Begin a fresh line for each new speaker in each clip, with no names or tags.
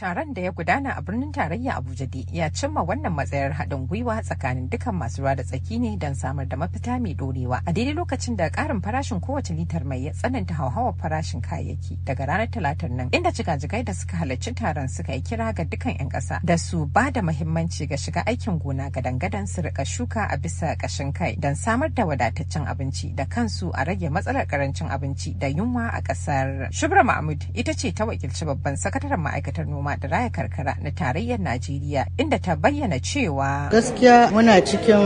Taron da ya gudana a birnin tarayya Abuja dai ya cimma wannan matsayar haɗin gwiwa tsakanin dukkan masu ruwa da tsaki ne don samar da mafita mai dorewa a daidai lokacin da ƙarin farashin kowace litar mai ya tsananta hauhawar farashin kayayyaki daga ranar talatar nan inda jigajigai da suka halarci taron suka yi kira ga dukkan 'yan ƙasa da su ba da mahimmanci ga shiga aikin gona ga dangadan su rika shuka a bisa ƙashin kai don samar da wadataccen abinci da kansu a rage matsalar karancin abinci da yunwa a ƙasar. Shubra Mahmud ita ce ta wakilci babban sakataren ma'aikatar noma manoma da raya karkara na tarayyar Najeriya inda ta bayyana cewa gaskiya muna cikin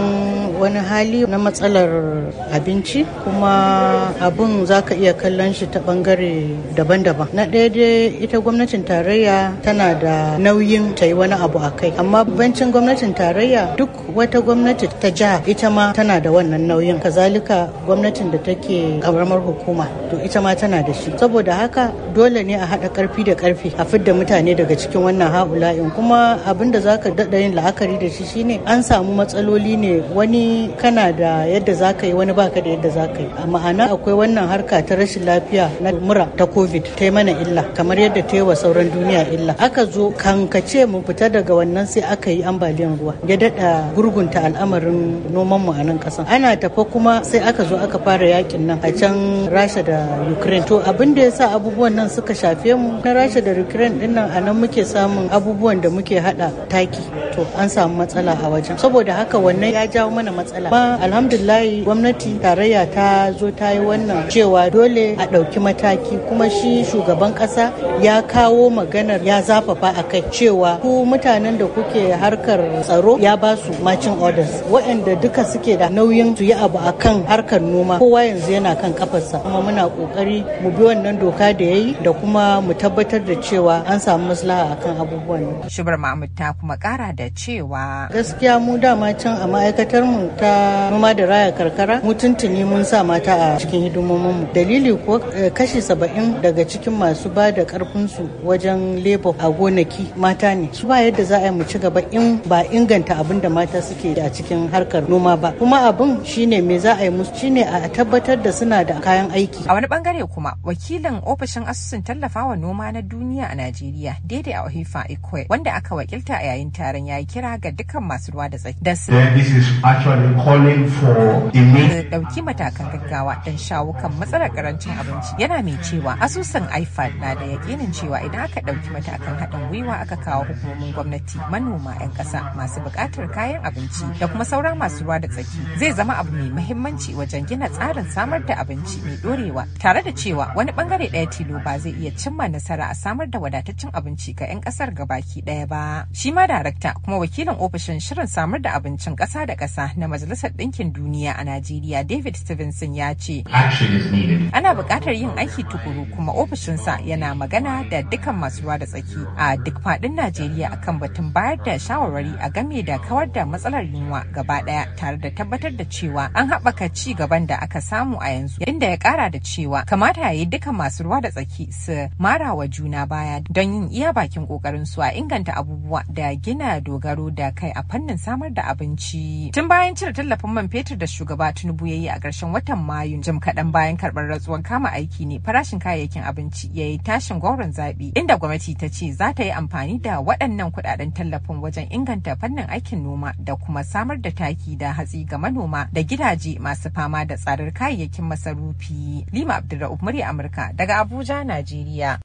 wani hali na matsalar abinci kuma abun za ka iya kallon shi ta bangare daban-daban na ɗaya dai ita gwamnatin tarayya tana da nauyin ta yi wani abu a kai amma bancin gwamnatin tarayya duk wata gwamnati ta jiha ita ma tana da wannan nauyin kazalika gwamnatin da take karamar hukuma to ita ma tana da shi saboda haka dole ne a haɗa ƙarfi da ƙarfi a fidda mutane daga daga cikin wannan ha'ula'in kuma abin da zaka daɗa yin la'akari da shi shine an samu matsaloli ne wani kana da yadda zaka yi wani baka da yadda zaka yi a ma'ana akwai wannan harka ta rashin lafiya na mura ta covid ta yi mana illa kamar yadda ta yi wa sauran duniya illa aka zo kankace mu fita daga wannan sai aka yi ambaliyan ruwa ya daɗa gurgunta al'amarin noman mu a nan ƙasan ana tafa kuma sai aka zo aka fara yakin nan a can rasha da ukraine to abin da ya sa abubuwan nan suka shafe mu na rasha da ukraine din nan a nan muke samun abubuwan da muke hada taki to an samu matsala a wajen saboda haka wannan ya jawo mana matsala ba alhamdulillahi gwamnati tarayya ta zo ta yi wannan cewa dole a ɗauki mataki kuma shi shugaban ƙasa ya kawo maganar ya zafafa a kai cewa ku mutanen da kuke harkar tsaro ya ba su macin orders waɗanda duka suke da nauyin su yi abu a kan harkar noma kowa yanzu yana kan kafarsa kuma muna ƙoƙari mu bi wannan doka da ya yi da kuma mu tabbatar da cewa an samu maslaha akan
abubuwan shubar mahmud ta kuma kara da cewa
gaskiya mu dama can a ma'aikatar mu ta noma da raya karkara mu tuntuni mun sa mata a cikin hidimomin mu dalili ko eh, kashi saba'in daga cikin masu ba da karfin su wajen lebo. a gonaki mata ne su ba yadda za a yi mu ci gaba in ba inganta abin da mata suke a cikin harkar noma ba kuma abin shine me za a yi musu shine a tabbatar da suna da kayan aiki a wani
bangare kuma wakilin ofishin asusun tallafawa noma na duniya a Najeriya Adede a Ohifa Ikwe wanda aka wakilta a yayin taron yayi kira ga dukkan masu ruwa da tsaki. Da dauki matakan gaggawa don shawo kan matsalar karancin abinci yana mai cewa asusun IFAD na da yakinin cewa idan aka dauki matakan haɗin gwiwa aka kawo hukumomin gwamnati manoma 'yan ƙasa masu buƙatar kayan abinci da kuma sauran masu ruwa da tsaki zai zama abu mai mahimmanci wajen gina tsarin samar da abinci mai ɗorewa." tare da cewa wani bangare ɗaya tilo ba zai iya cimma nasara a samar da wadataccen abinci abinci ga 'yan kasar baki daya ba shi ma darakta kuma wakilin ofishin shirin samar da abincin kasa da kasa na majalisar ɗinkin duniya a najeriya david stevenson ya ce ana buƙatar yin aiki tukuru kuma ofishinsa yana magana da dukkan masu ruwa da tsaki a duk faɗin najeriya akan batun bayar da shawarwari a game da kawar da matsalar yunwa gaba ɗaya, tare da tabbatar da cewa an haɓaka ci gaban da aka samu a yanzu inda ya ƙara da cewa kamata ya yi dukkan masu ruwa da tsaki su mara wa juna baya don yin iya bakin kokarin su a inganta abubuwa da gina dogaro da kai a fannin samar da abinci tun bayan cire tallafin man fetur da shugaba tinubu ya yi a ƙarshen watan mayu jim kaɗan bayan karɓar ratsuwan kama aiki ne farashin kayayyakin abinci ya yi tashin gwauron zaɓi inda gwamnati ta ce za ta yi amfani da waɗannan kuɗaɗen tallafin wajen inganta fannin aikin noma da kuma samar da taki da hatsi ga manoma da gidaje masu fama da tsadar kayayyakin masarufi lima abdulrahman murya amurka daga abuja najeriya